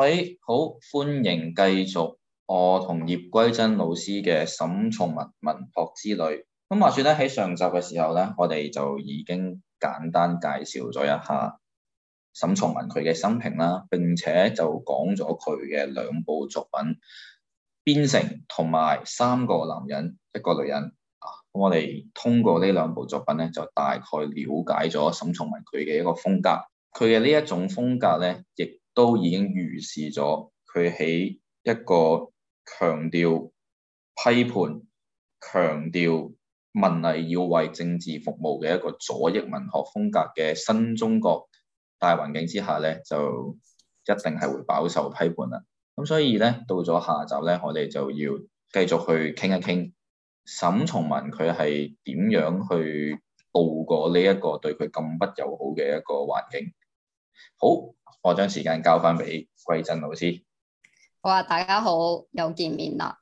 喺、哎、好歡迎繼續我同葉桂珍老師嘅沈從文文學之旅。咁話説咧，喺上集嘅時候咧，我哋就已經簡單介紹咗一下沈從文佢嘅生平啦，並且就講咗佢嘅兩部作品《邊城》同埋《三個男人一個女人》啊。咁我哋通過呢兩部作品咧，就大概了解咗沈從文佢嘅一個風格。佢嘅呢一種風格咧，亦～都已經預示咗，佢喺一個強調批判、強調文藝要為政治服務嘅一個左翼文學風格嘅新中國大環境之下咧，就一定係會飽受批判啦。咁所以咧，到咗下集咧，我哋就要繼續去傾一傾沈從文佢係點樣去度過呢一個對佢咁不友好嘅一個環境。好，我將時間交翻俾桂珍老師。好啊，大家好，又見面啦。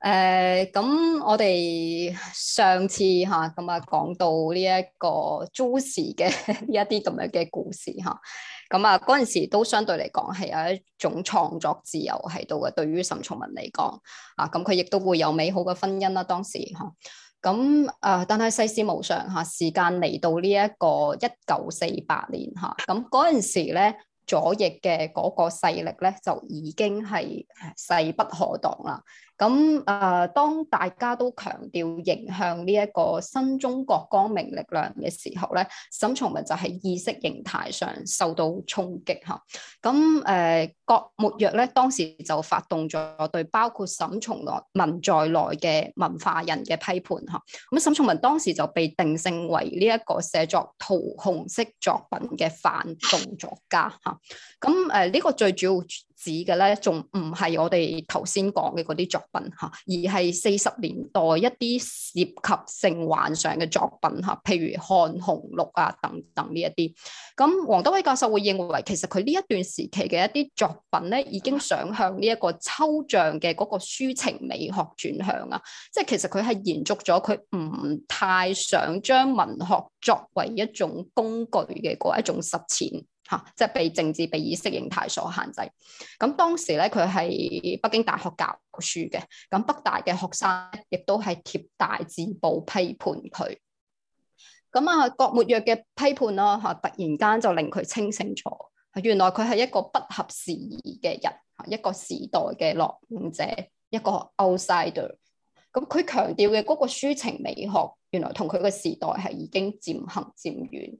誒、呃，咁我哋上次吓咁啊，講到呢一個租時嘅一啲咁樣嘅故事吓。咁啊，嗰、啊、陣時都相對嚟講係有一種創作自由喺度嘅。對於沈從文嚟講啊，咁佢亦都會有美好嘅婚姻啦、啊。當時吓。啊咁誒，但係世事無常嚇，時間嚟到那那呢一個一九四八年嚇，咁嗰陣時咧，左翼嘅嗰個勢力咧，就已經係勢不可擋啦。咁誒、呃，當大家都強調迎向呢一個新中國光明力量嘅時候咧，沈從文就喺意識形態上受到衝擊嚇。咁誒，郭沫若咧當時就發動咗對包括沈從文在內嘅文化人嘅批判嚇。咁沈從文當時就被定性為呢一個寫作桃紅色作品嘅反動作家嚇。咁誒，呢、呃這個最主要。指嘅咧，仲唔係我哋頭先講嘅嗰啲作品嚇，而係四十年代一啲涉及性幻想嘅作品嚇，譬如《看虹錄》啊等等呢一啲。咁王德威教授會認為，其實佢呢一段時期嘅一啲作品咧，已經想向呢一個抽象嘅嗰個抒情美學轉向啊，即係其實佢係延續咗佢唔太想將文學作為一種工具嘅嗰一種實踐。即係被政治被意識形態所限制。咁當時咧，佢係北京大學教書嘅，咁北大嘅學生亦都係貼大字報批判佢。咁啊，郭沫若嘅批判咯嚇、啊，突然間就令佢清醒咗、啊。原來佢係一個不合時宜嘅人、啊，一個時代嘅落伍者，一個 outsider。咁佢強調嘅嗰個抒情美學，原來同佢個時代係已經漸行漸遠。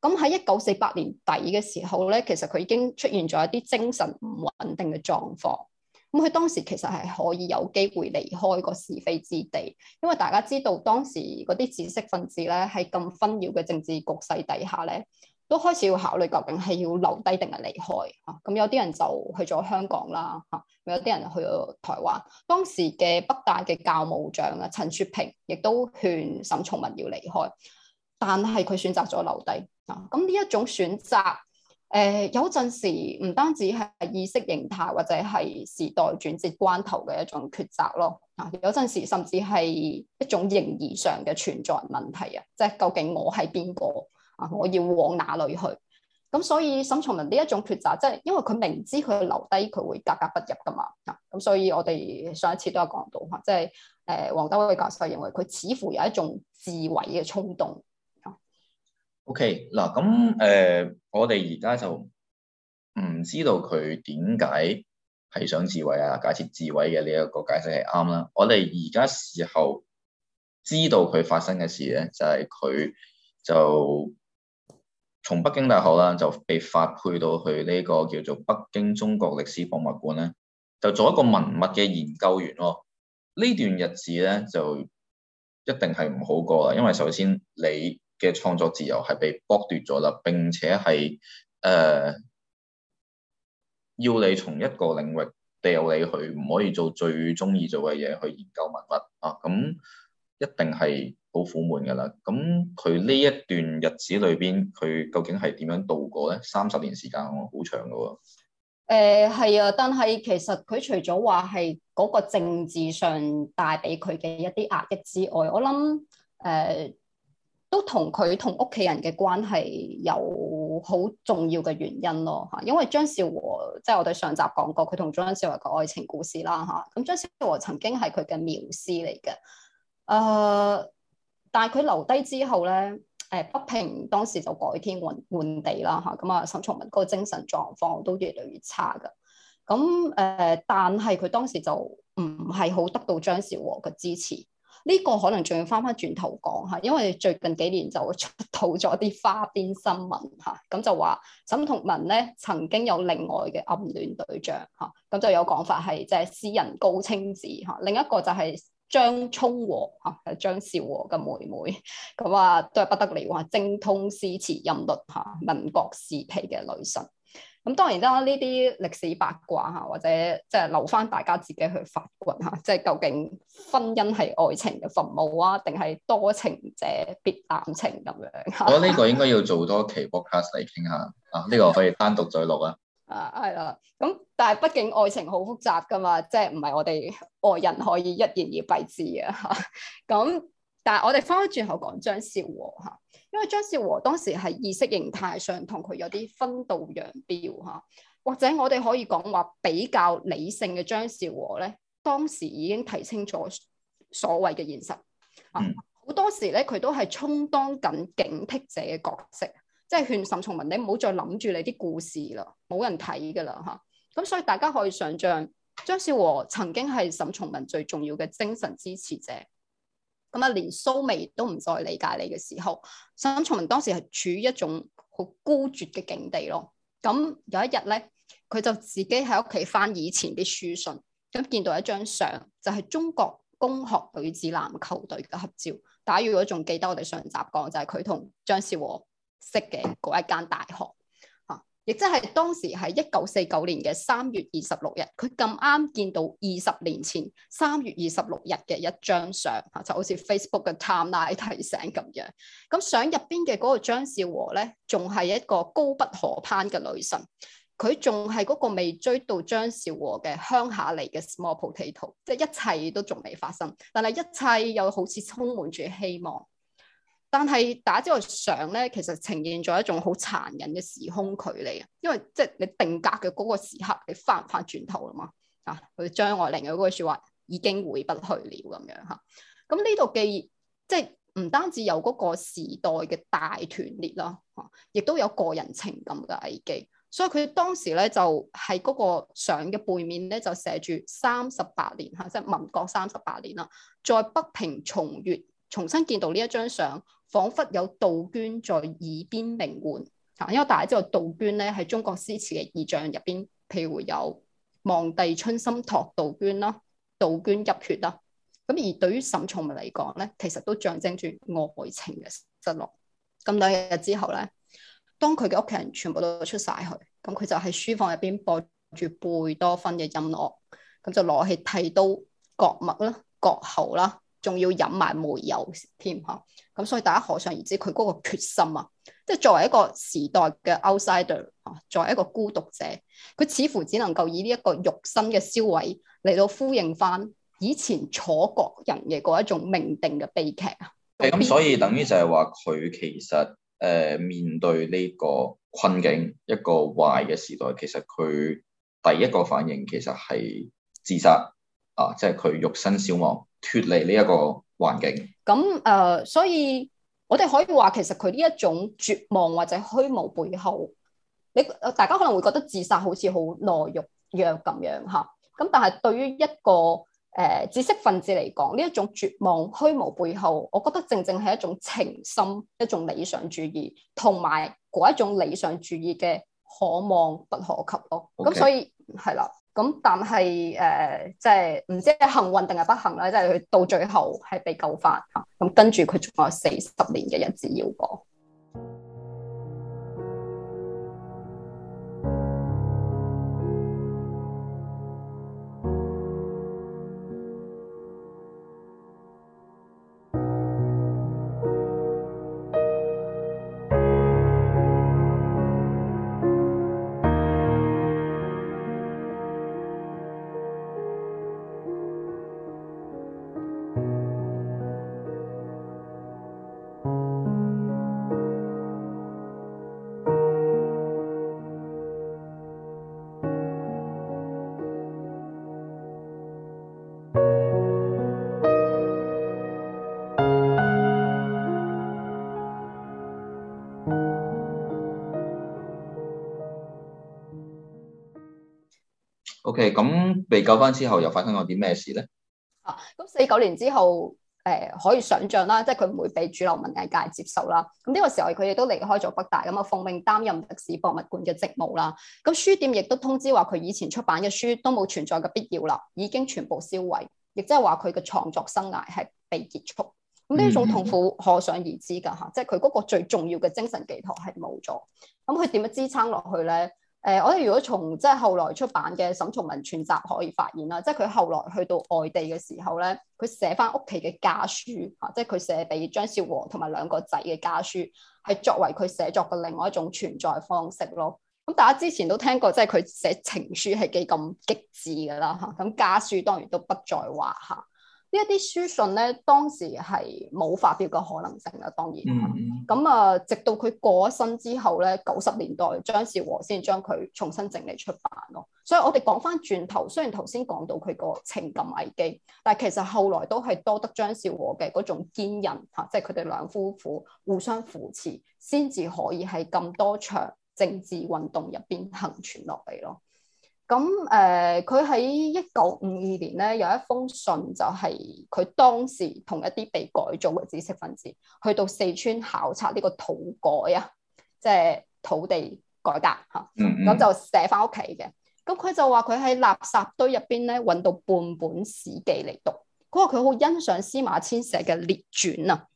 咁喺一九四八年底嘅時候咧，其實佢已經出現咗一啲精神唔穩定嘅狀況。咁佢當時其實係可以有機會離開個是非之地，因為大家知道當時嗰啲知識分子咧，喺咁紛擾嘅政治局勢底下咧，都開始要考慮究竟係要留低定係離開啊。咁有啲人就去咗香港啦，嚇；有啲人去咗台灣。當時嘅北大嘅教務長啊，陳雪屏亦都勸沈從文要離開，但係佢選擇咗留低。咁呢、嗯、一種選擇，誒、呃、有陣時唔單止係意識形態或者係時代轉折關頭嘅一種抉擇咯，啊有陣時甚至係一種形而上嘅存在問題啊，即係究竟我係邊個啊？我要往哪裏去？咁所以沈從文呢一種抉擇，即係因為佢明知佢留低佢會格格不入噶嘛，啊咁、啊、所以我哋上一次都有講到嚇，即係誒王德威教授認為佢似乎有一種自毀嘅衝動。O.K. 嗱，咁、呃、誒，我哋而家就唔知道佢點解係想自毀啊？假設自毀嘅呢一個解釋係啱啦。我哋而家時候知道佢發生嘅事咧，就係、是、佢就從北京大學啦，就被發配到去呢個叫做北京中國歷史博物館咧，就做一個文物嘅研究員囉。呢段日子咧就一定係唔好過啦，因為首先你嘅創作自由係被剝奪咗啦，並且係誒、呃、要你從一個領域掉你去，唔可以做最中意做嘅嘢去研究文物啊！咁、嗯、一定係好苦悶噶啦。咁佢呢一段日子裏邊，佢究竟係點樣度過咧？三十年時間，好長噶喎。誒係、呃、啊，但係其實佢除咗話係嗰個政治上帶俾佢嘅一啲壓抑之外，我諗誒、呃都同佢同屋企人嘅關係有好重要嘅原因咯嚇，因為張兆和即係我哋上集講過，佢同張兆和嘅愛情故事啦嚇。咁、啊、張兆和曾經係佢嘅繆斯嚟嘅，誒、啊，但係佢留低之後咧，誒、啊、北平當時就改天換換地啦嚇。咁啊，沈、啊、從文個精神狀況都越嚟越差嘅。咁、啊、誒、啊，但係佢當時就唔係好得到張兆和嘅支持。呢個可能仲要翻翻轉頭講嚇，因為最近幾年就出到咗啲花邊新聞嚇，咁、啊、就話沈從文咧曾經有另外嘅暗戀對象嚇，咁、啊、就有講法係即係詩人高青子嚇、啊，另一個就係張充和嚇，係、啊、張兆和嘅妹妹，咁啊都係不得了，精通詩詞音律嚇、啊，民國時期嘅女神。咁當然啦，呢啲歷史八卦嚇，或者即係留翻大家自己去發掘嚇，即係究竟婚姻係愛情嘅墳墓啊，定係多情者必談情咁、哦、樣？我呢個應該要做多期 podcast 嚟傾下啊，呢、呢個可以單獨再錄啊。 啊，係啦。咁但係畢竟愛情好複雜噶嘛，即係唔係我哋外人可以一言以蔽之啊？咁但係我哋翻返轉頭講張兆和因為張兆和當時係意識形態上同佢有啲分道揚鑣嚇，或者我哋可以講話比較理性嘅張兆和咧，當時已經睇清楚所謂嘅現實啊，好、嗯、多時咧佢都係充當緊警惕者嘅角色，即、就、係、是、勸沈從文你唔好再諗住你啲故事啦，冇人睇㗎啦嚇。咁、啊、所以大家可以想像張兆和曾經係沈從文最重要嘅精神支持者。咁啊，連蘇眉都唔再理解你嘅時候，沈從文當時係處於一種好孤絕嘅境地咯。咁有一日咧，佢就自己喺屋企翻以前啲書信，咁見到一張相，就係中國公學女子籃球隊嘅合照。大家如果仲記得我哋上集講，就係佢同張兆和識嘅嗰一間大學。亦即係當時係一九四九年嘅三月二十六日，佢咁啱見到二十年前三月二十六日嘅一張相，嚇就好似 Facebook 嘅 timeline 提醒咁樣。咁相入邊嘅嗰個張兆和咧，仲係一個高不可攀嘅女神，佢仲係嗰個未追到張兆和嘅鄉下嚟嘅 Small Potato，即係一切都仲未發生，但係一切又好似充滿住希望。但係打呢個相咧，其實呈現咗一種好殘忍嘅時空距離啊！因為即係你定格嘅嗰個時刻，你翻唔翻轉頭啦嘛？啊，佢張愛玲嗰句說話已經回不去了咁樣吓。咁呢度既，即係唔單止有嗰個時代嘅大斷裂咯，亦、啊、都有個人情感嘅危機。所以佢當時咧就喺嗰個相嘅背面咧就寫住三十八年吓、啊，即係民國三十八年啦，在北平重閱，重新見到呢一張相，仿佛有杜鵑在耳邊鳴喚，因為大家知道杜鵑咧喺中國詩詞嘅意象入邊，譬如有望帝春心託杜鵑啦，杜鵑泣血啦。咁而對於沈從文嚟講咧，其實都象徵住愛情嘅失落。咁兩日之後咧，當佢嘅屋企人全部都出晒去，咁佢就喺書房入邊播住貝多芬嘅音樂，咁就攞起剃刀割脈啦、割喉啦。仲要飲埋煤油添嚇，咁、啊、所以大家可想而知佢嗰個決心啊！即係作為一個時代嘅 outsider 啊，作為一個孤獨者，佢似乎只能夠以呢一個肉身嘅銷毀嚟到呼應翻以前楚國人嘅嗰一種命定嘅悲劇啊！咁所以等於就係話佢其實誒、呃、面對呢個困境一個壞嘅時代，其實佢第一個反應其實係自殺啊！即係佢肉身消亡。脫離呢一個環境，咁誒、呃，所以我哋可以話，其實佢呢一種絕望或者虛無背後，你大家可能會覺得自殺好似好懦弱咁樣吓，咁但係對於一個誒、呃、知識分子嚟講，呢一種絕望、虛無背後，我覺得正正係一種情深、一種理想主義，同埋嗰一種理想主義嘅可望不可及咯。咁 Okay. 所以係啦。咁但係誒，即係唔知係幸運定係不幸啦，即係佢到最後係被救翻，咁，啊，跟住佢仲有四十年嘅日子要過。咁被救翻之後，又發生過啲咩事咧？啊，咁四九年之後，誒、呃、可以想像啦，即係佢唔會被主流文藝界接受啦。咁呢個時候，佢亦都離開咗北大，咁啊奉命擔任歷史博物館嘅職務啦。咁書店亦都通知話，佢以前出版嘅書都冇存在嘅必要啦，已經全部燒毀，亦即係話佢嘅創作生涯係被結束。咁呢種痛苦可、嗯、想而知㗎嚇，即係佢嗰個最重要嘅精神寄託係冇咗。咁佢點樣支撐落去咧？誒、呃，我哋如果從即係後來出版嘅沈從文全集可以發現啦，即係佢後來去到外地嘅時候咧，佢寫翻屋企嘅家書嚇，即係佢寫俾張兆和同埋兩個仔嘅家書，係、啊、作為佢寫作嘅另外一種存在方式咯。咁大家之前都聽過，即係佢寫情書係幾咁極致噶啦嚇，咁、啊啊、家書當然都不在話下。啊呢一啲書信咧，當時係冇發表嘅可能性嘅，當然。咁啊、嗯，直到佢過咗身之後咧，九十年代張兆和先將佢重新整理出版咯。所以我哋講翻轉頭，雖然頭先講到佢個情感危機，但係其實後來都係多得張兆和嘅嗰種堅韌吓，即係佢哋兩夫婦互相扶持，先至可以喺咁多場政治運動入邊幸存落嚟咯。咁誒，佢喺一九五二年咧，有一封信，就係佢當時同一啲被改造嘅知識分子去到四川考察呢個土改啊，即係土地改革嚇。咁就寫翻屋企嘅。咁佢就話佢喺垃圾堆入邊咧揾到半本史記嚟讀。佢話佢好欣賞司馬遷寫嘅列傳啊。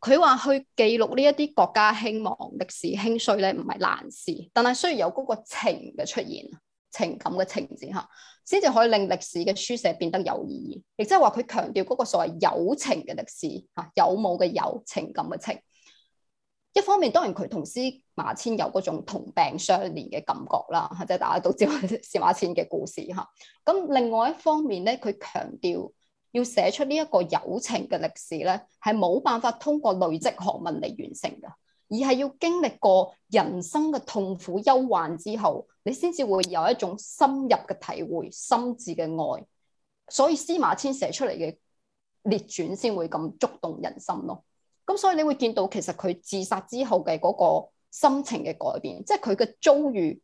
佢話去記錄呢一啲國家興亡、歷史興衰咧，唔係難事，但係需要有嗰個情嘅出現。情感嘅情字嚇，先至可以令歷史嘅書寫變得有意義。亦即係話，佢強調嗰個所謂有情嘅歷史嚇，有冇嘅有情咁嘅情。一方面，當然佢同司馬遷有嗰種同病相憐嘅感覺啦，即係大家都知司馬遷嘅故事嚇。咁另外一方面咧，佢強調要寫出呢一個有情嘅歷史咧，係冇辦法通過累積學問嚟完成嘅。而係要經歷過人生嘅痛苦憂患之後，你先至會有一種深入嘅體會、深摯嘅愛。所以，司馬遷寫出嚟嘅列傳先會咁觸動人心咯。咁所以你會見到其實佢自殺之後嘅嗰個心情嘅改變，即係佢嘅遭遇，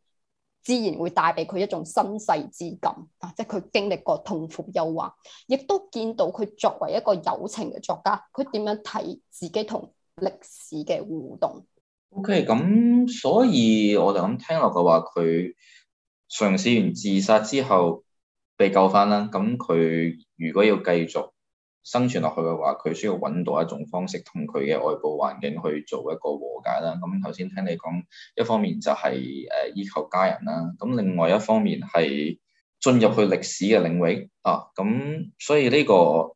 自然會帶俾佢一種身世之感啊！即係佢經歷過痛苦憂患，亦都見到佢作為一個有情嘅作家，佢點樣睇自己同歷史嘅互動。O K，咁所以我就咁聽落嘅話，佢嘗試完自殺之後被救翻啦。咁佢如果要繼續生存落去嘅話，佢需要揾到一種方式同佢嘅外部環境去做一個和解啦。咁頭先聽你講，一方面就係誒依靠家人啦，咁另外一方面係進入去歷史嘅領域啊。咁所以呢個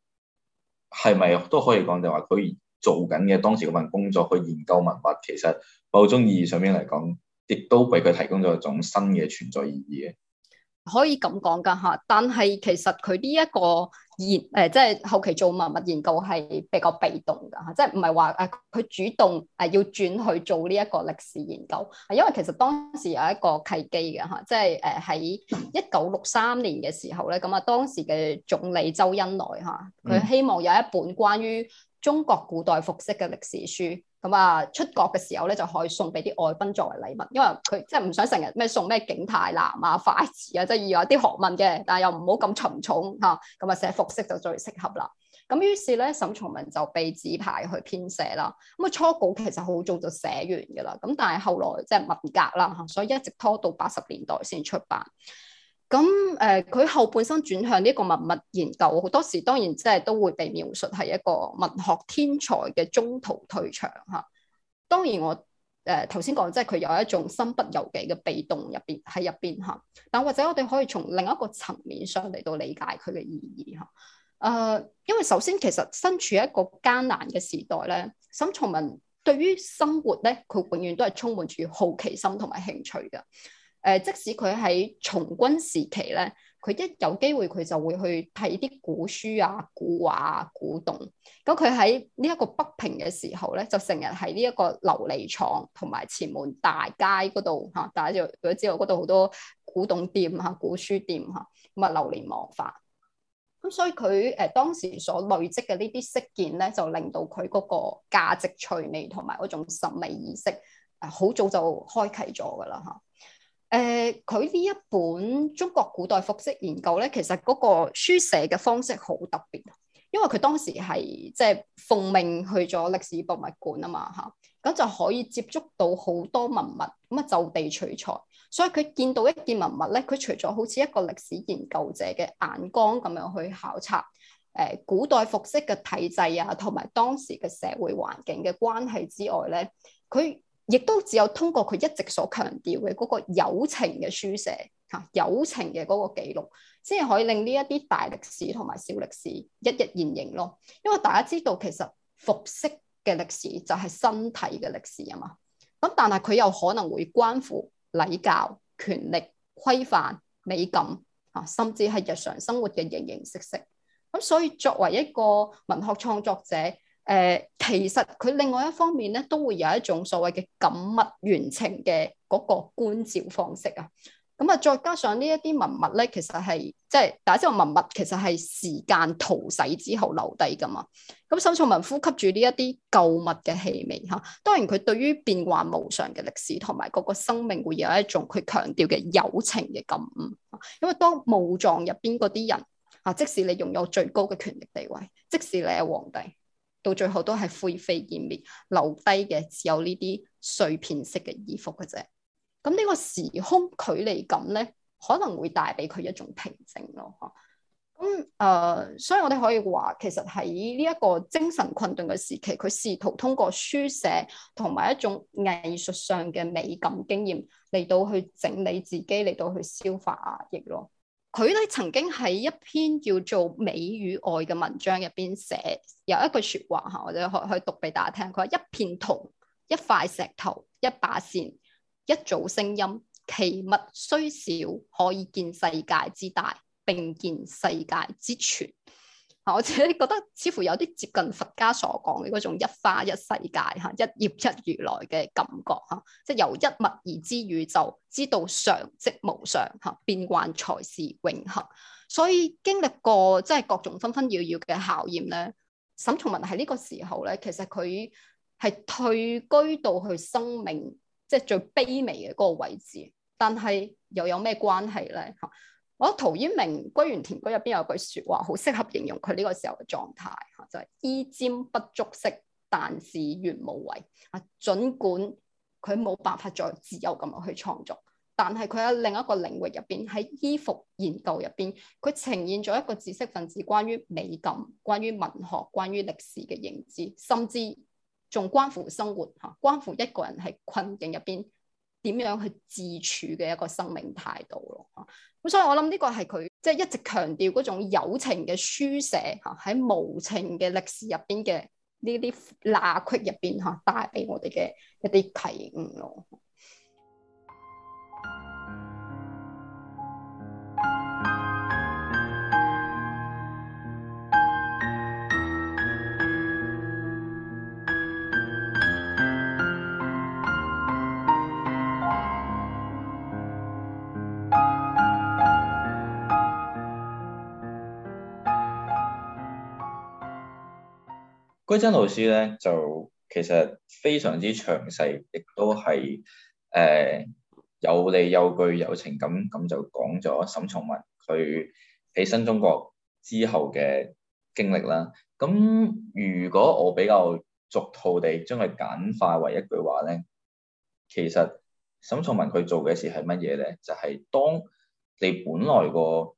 係咪都可以講就係話佢，做緊嘅當時嗰份工作去研究文物，其實某種意義上面嚟講，亦都俾佢提供咗一種新嘅存在意義嘅。可以咁講噶吓，但係其實佢呢一個研誒、呃，即係後期做文物研究係比較被動噶吓，即係唔係話誒佢主動誒要轉去做呢一個歷史研究，係因為其實當時有一個契機嘅吓，即係誒喺一九六三年嘅時候咧，咁啊當時嘅總理周恩來吓，佢希望有一本關於。中國古代服飾嘅歷史書，咁啊出國嘅時候咧就可以送俾啲外賓作為禮物，因為佢即係唔想成日咩送咩景泰藍啊、筷子啊，即係要有啲學問嘅，但係又唔好咁沉重吓，咁啊寫服飾就最適合啦。咁於是咧，沈從文就被指派去編寫啦。咁啊初稿其實好早就寫完噶啦，咁但係後來即係文革啦，所以一直拖到八十年代先出版。誒，佢、呃、後半生轉向呢個文物研究，好多時當然即係都會被描述係一個文學天才嘅中途退場嚇。當然我誒頭先講，即係佢有一種身不由己嘅被動入邊喺入邊嚇。但或者我哋可以從另一個層面上嚟到理解佢嘅意義嚇。誒、呃，因為首先其實身處一個艱難嘅時代咧，沈從文對於生活咧，佢永遠都係充滿住好奇心同埋興趣嘅。誒，即使佢喺從軍時期咧，佢一有機會佢就會去睇啲古書啊、古畫啊、古董。咁佢喺呢一個北平嘅時候咧，就成日喺呢一個琉璃廠同埋前門大街嗰度嚇。大家若如果知道嗰度好多古董店啊、古書店嚇、啊，咁啊流連忘返。咁所以佢誒當時所累積嘅呢啲飾件咧，就令到佢嗰個價值趣味同埋嗰種審美意識啊，好早就開啟咗噶啦嚇。誒，佢呢一本《中國古代服飾研究》咧，其實嗰個書寫嘅方式好特別，因為佢當時係即係奉命去咗歷史博物館啊嘛，嚇、啊，咁就可以接觸到好多文物，咁啊就地取材，所以佢見到一件文物咧，佢除咗好似一個歷史研究者嘅眼光咁樣去考察誒、呃、古代服飾嘅體制啊，同埋當時嘅社會環境嘅關係之外咧，佢。亦都只有通過佢一直所強調嘅嗰個友情嘅書寫，嚇、友情嘅嗰個記錄，先係可以令呢一啲大歷史同埋小歷史一一現形咯。因為大家知道，其實服飾嘅歷史就係身體嘅歷史啊嘛。咁但係佢又可能會關乎禮教、權力、規範、美感，嚇、啊、甚至係日常生活嘅形形色色。咁所以作為一個文學創作者。誒、呃，其實佢另外一方面咧，都會有一種所謂嘅感物緣情嘅嗰個觀照方式啊。咁、嗯、啊，再加上呢一啲文物咧，其實係即係，大家知道，文物，其實係時間淘洗之後留低噶嘛。咁、嗯、收藏文呼吸住呢一啲舊物嘅氣味吓、啊，當然佢對於變幻無常嘅歷史同埋嗰個生命，會有一種佢強調嘅有情嘅感悟、啊。因為當墓葬入邊嗰啲人啊，即使你擁有最高嘅權力地位，即使你係皇帝。到最後都係灰飛煙滅，留低嘅只有呢啲碎片式嘅衣服嘅啫。咁呢個時空距離感咧，可能會帶俾佢一種平靜咯，嚇。咁、呃、誒，所以我哋可以話，其實喺呢一個精神困頓嘅時期，佢試圖通過書寫同埋一種藝術上嘅美感經驗嚟到去整理自己，嚟到去消化壓抑咯。佢咧，曾經喺一篇叫做《美與愛》嘅文章入邊寫，有一句説話嚇，我哋可可以讀俾大家聽。佢話：一片銅，一塊石頭，一把線，一組聲音，其物雖小，可以見世界之大，並見世界之全。我自己覺得似乎有啲接近佛家所講嘅嗰種一花一世界、嚇一葉一如來嘅感覺嚇，即係由一物而知宇宙，知道常即無常，嚇變幻才是永恆。所以經歷過即係各種紛紛擾擾嘅考驗咧，沈從文喺呢個時候咧，其實佢係退居到佢生命即係最卑微嘅嗰個位置，但係又有咩關係咧？嚇！我陶淵明《歸園田居》入邊有句說話，好適合形容佢呢個時候嘅狀態嚇、啊，就係衣沾不足惜，但使願無違。啊，儘管佢冇辦法再自由咁樣去創作，但係佢喺另一個領域入邊，喺衣服研究入邊，佢呈現咗一個知識分子關於美感、關於文學、關於歷史嘅認知，甚至仲關乎生活嚇、啊，關乎一個人喺困境入邊。點樣去自處嘅一個生命態度咯。咁所以我諗呢個係佢即係一直強調嗰種有情嘅書寫嚇，喺無情嘅歷史入邊嘅呢啲罅隙入邊嚇，帶俾我哋嘅一啲啟悟咯。威真老師咧就其實非常之詳細，亦都係誒、呃、有理有據有情感咁就講咗沈從文佢喺新中國之後嘅經歷啦。咁如果我比較俗套地將佢簡化為一句話咧，其實沈從文佢做嘅事係乜嘢咧？就係、是、當你本來個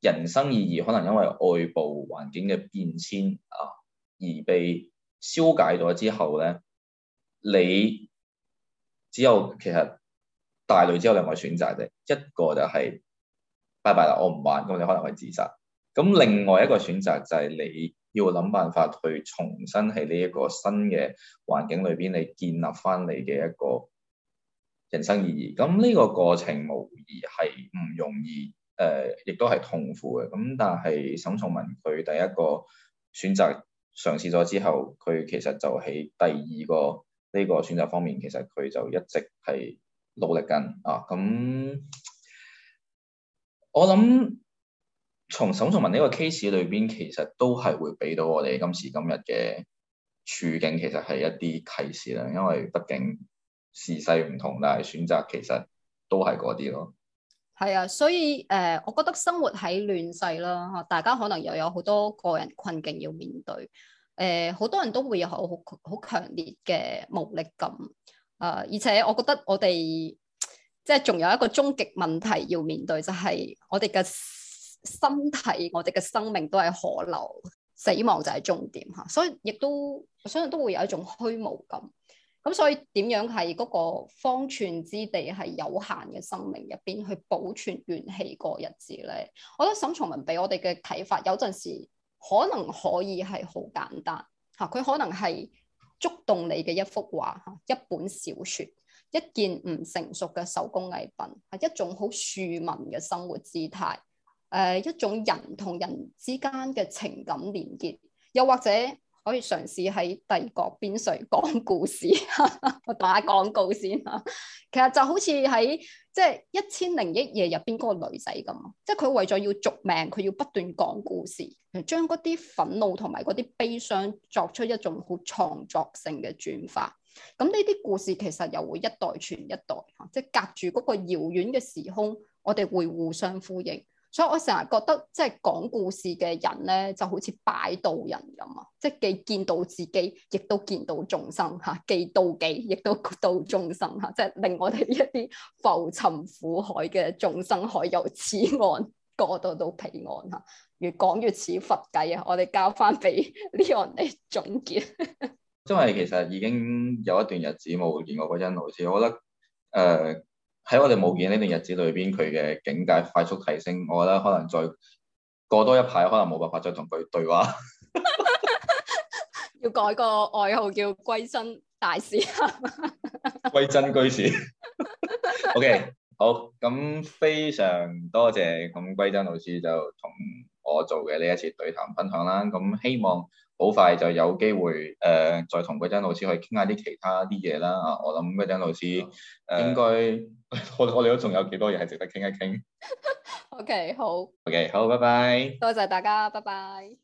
人生意義可能因為外部環境嘅變遷啊～而被消解咗之後咧，你只有其實大類只有兩個選擇啫，一個就係、是、拜拜啦，我唔玩，咁你可能會自殺。咁另外一個選擇就係你要諗辦法去重新喺呢一個新嘅環境裏邊，你建立翻你嘅一個人生意義。咁呢個過程無疑係唔容易誒、呃，亦都係痛苦嘅。咁但係沈從文佢第一個選擇，嘗試咗之後，佢其實就喺第二個呢個選擇方面，其實佢就一直係努力緊啊！咁我諗從沈從文呢個 case 裏邊，其實都係會俾到我哋今時今日嘅處境，其實係一啲啟示啦。因為畢竟時勢唔同，但係選擇其實都係嗰啲咯。係啊，所以誒、呃，我覺得生活喺亂世啦，嚇大家可能又有好多個人困境要面對，誒、呃、好多人都會有好好好強烈嘅無力感，誒、呃、而且我覺得我哋即係仲有一個終極問題要面對，就係、是、我哋嘅身體、我哋嘅生命都係河流，死亡就係終點嚇，所以亦都我相信都會有一種虛無感。咁所以點樣係嗰個方寸之地係有限嘅生命入邊去保存元氣過日子咧？我覺得沈從文俾我哋嘅睇法，有陣時可能可以係好簡單嚇，佢、啊、可能係觸動你嘅一幅畫嚇、啊，一本小説，一件唔成熟嘅手工藝品，係、啊、一種好庶民嘅生活姿態，誒、啊、一種人同人之間嘅情感連結，又或者，可以嘗試喺帝國邊陲講故事， 我打下廣告先啊！ 其實就好似喺即係一千零一夜入邊嗰個女仔咁，即係佢為咗要續命，佢要不斷講故事，將嗰啲憤怒同埋嗰啲悲傷作出一種好創作性嘅轉化。咁呢啲故事其實又會一代傳一代，即係隔住嗰個遙遠嘅時空，我哋會互相呼應。所以我成日覺得即係講故事嘅人咧，就好似擺渡人咁啊！即係既見到自己，亦都見到眾生嚇；既妒忌，亦都到眾生嚇。即係令我哋一啲浮沉苦海嘅眾生，可由此岸過到到彼岸嚇。越講越似佛偈啊！我哋交翻俾呢 e o 嚟總結， 因為其實已經有一段日子冇見我嗰陣內子，我覺得誒。呃喺我哋冇見呢段日子裏邊，佢嘅境界快速提升，我覺得可能再過多一排，可能冇辦法再同佢對話。 要改個外號叫歸真大師，歸真居士。OK，好，咁非常多謝咁歸真老師就同我做嘅呢一次對談分享啦，咁希望。好快就有機會誒、呃，再同嗰張老師去傾下啲其他啲嘢啦。我諗嗰張老師應該，我我哋都仲有幾多嘢係值得傾一傾。OK，好。Okay，OK，好，拜拜。多謝大家，拜拜。